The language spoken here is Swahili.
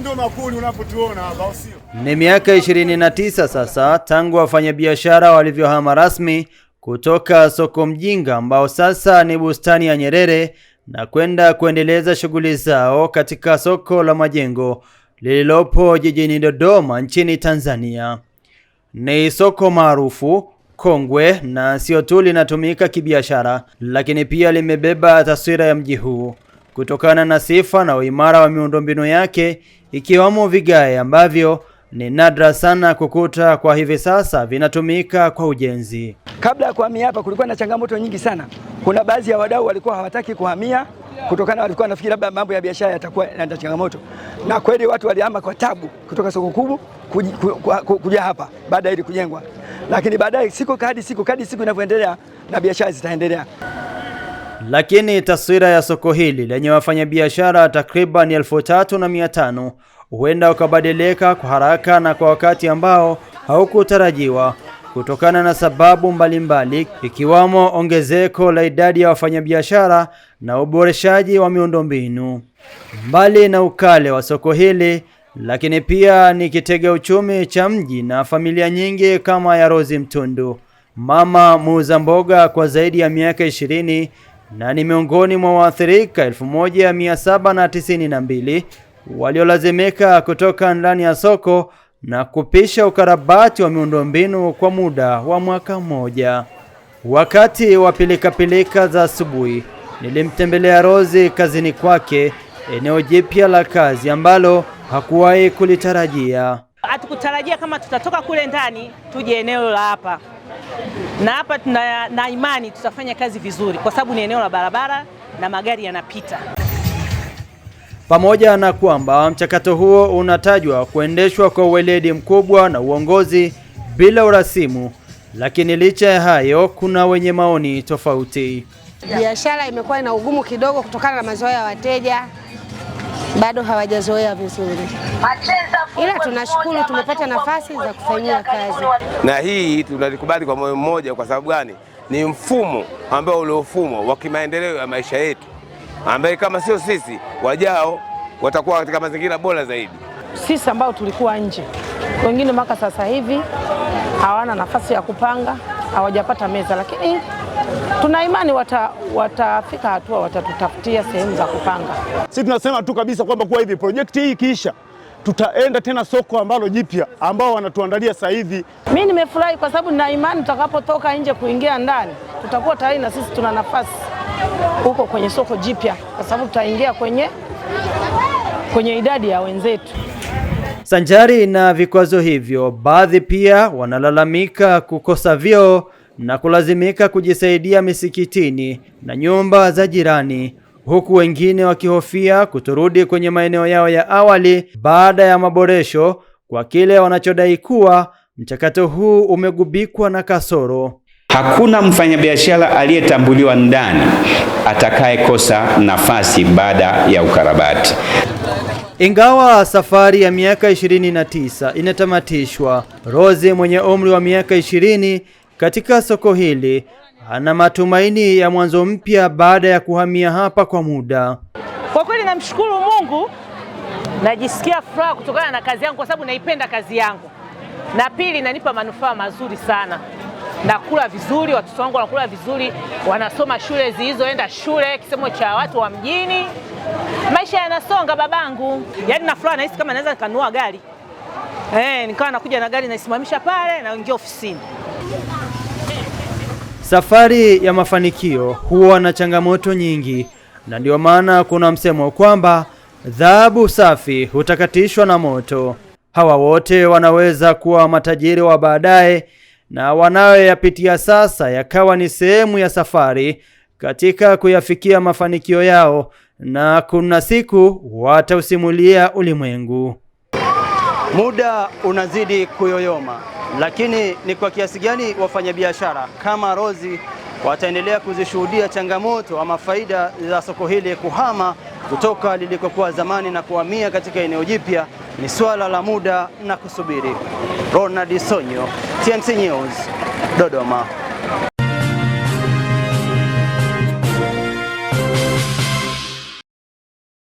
ndio makuli unapotuona hapa, sio? Ni miaka 29 sasa tangu wafanyabiashara walivyohama rasmi kutoka soko mjinga ambao sasa ni bustani ya Nyerere na kwenda kuendeleza shughuli zao katika soko la majengo lililopo jijini Dodoma nchini Tanzania. Ni soko maarufu kongwe, na sio tu linatumika kibiashara, lakini pia limebeba taswira ya mji huu kutokana na sifa na uimara wa miundombinu yake ikiwamo vigae ambavyo ni nadra sana kukuta kwa hivi sasa vinatumika kwa ujenzi. Kabla ya kuhamia hapa kulikuwa na changamoto nyingi sana. Kuna baadhi ya wadau walikuwa hawataki kuhamia kutokana, walikuwa nafikiri labda mambo ya biashara yatakuwa na changamoto, na kweli watu walihama kwa tabu kutoka soko kubwa kuja ku, ku, ku, hapa baada ya ili kujengwa, lakini baadaye siku kadi siku kadi siku inavyoendelea na biashara zitaendelea. Lakini taswira ya soko hili lenye wafanyabiashara takriban elfu tatu na mia tano huenda ukabadilika kwa haraka na kwa wakati ambao haukutarajiwa kutokana na sababu mbalimbali mbali, ikiwamo ongezeko la idadi ya wafanyabiashara na uboreshaji wa miundombinu. Mbali na ukale wa soko hili, lakini pia ni kitega uchumi cha mji na familia nyingi kama ya Rose Mtundu, mama muuza mboga kwa zaidi ya miaka ishirini na ni miongoni mwa waathirika 1792 waliolazimika kutoka ndani ya soko na kupisha ukarabati wa miundombinu kwa muda wa mwaka mmoja. Wakati wa pilikapilika za asubuhi, nilimtembelea Rozi kazini kwake, eneo jipya la kazi ambalo hakuwahi kulitarajia. Hatukutarajia kama tutatoka kule ndani tuje eneo la hapa na hapa tuna na imani tutafanya kazi vizuri, kwa sababu ni eneo la barabara na magari yanapita. Pamoja na kwamba mchakato huo unatajwa kuendeshwa kwa uweledi mkubwa na uongozi bila urasimu, lakini licha ya hayo, kuna wenye maoni tofauti. Biashara imekuwa ina ugumu kidogo kutokana na mazoea ya wateja, bado hawajazoea vizuri ila tunashukuru tumepata nafasi za kufanyia kazi, na hii tunalikubali kwa moyo mmoja. Kwa sababu gani? Ni mfumo ambao uliofumwa wa kimaendeleo ya maisha yetu, ambaye kama sio sisi, wajao watakuwa katika mazingira bora zaidi. Sisi ambao tulikuwa nje, wengine mpaka sasa hivi hawana nafasi ya kupanga, hawajapata meza, lakini tuna imani wata, watafika hatua watatutafutia sehemu za kupanga. Sisi tunasema tu kabisa kwamba kuwa hivi projekti hii ikiisha tutaenda tena soko ambalo jipya ambao wanatuandalia sasa hivi. Mimi nimefurahi kwa sababu nina imani tutakapotoka nje kuingia ndani tutakuwa tayari na sisi tuna nafasi huko kwenye soko jipya, kwa sababu tutaingia kwenye, kwenye idadi ya wenzetu. Sanjari na vikwazo hivyo, baadhi pia wanalalamika kukosa vyoo na kulazimika kujisaidia misikitini na nyumba za jirani huku wengine wakihofia kutorudi kwenye maeneo yao ya awali baada ya maboresho kwa kile wanachodai kuwa mchakato huu umegubikwa na kasoro. Hakuna mfanyabiashara aliyetambuliwa ndani atakayekosa nafasi baada ya ukarabati. Ingawa safari ya miaka 29 inatamatishwa, Rose mwenye umri wa miaka 20 katika soko hili ana matumaini ya mwanzo mpya baada ya kuhamia hapa kwa muda. Kwa kweli namshukuru Mungu, najisikia furaha kutokana na kazi yangu, kwa sababu naipenda kazi yangu, na pili inanipa manufaa mazuri sana. Nakula vizuri, watoto wangu wanakula vizuri, wanasoma shule zilizoenda shule, kisemo cha watu wa mjini. Maisha yanasonga babangu, yaani na furaha, nahisi kama naweza nikanunua gari eh, nikawa nakuja na gari naisimamisha pale, naingia ofisini. Safari ya mafanikio huwa na changamoto nyingi, na ndiyo maana kuna msemo kwamba dhahabu safi hutakatishwa na moto. Hawa wote wanaweza kuwa matajiri wa baadaye na wanayoyapitia sasa yakawa ni sehemu ya safari katika kuyafikia mafanikio yao, na kuna siku watausimulia ulimwengu. Muda unazidi kuyoyoma. Lakini ni kwa kiasi gani wafanyabiashara kama Rozi wataendelea kuzishuhudia changamoto ama faida za soko hili kuhama kutoka lilikokuwa zamani na kuhamia katika eneo jipya ni swala la muda na kusubiri. Ronald Sonyo, TMC News, Dodoma.